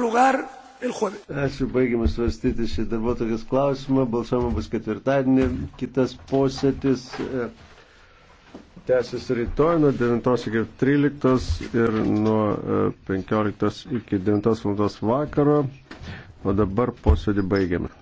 lugar el jueves. Ačiū, baigime svarstyti šį darbotokės klausimą. Balsuojama bus ketvirtadienį. Kitas posėdis e, tęsis rytoj nuo 9 iki 13 ir nuo e, 15 iki 9 val. vakaro. O dabar posėdį baigiame.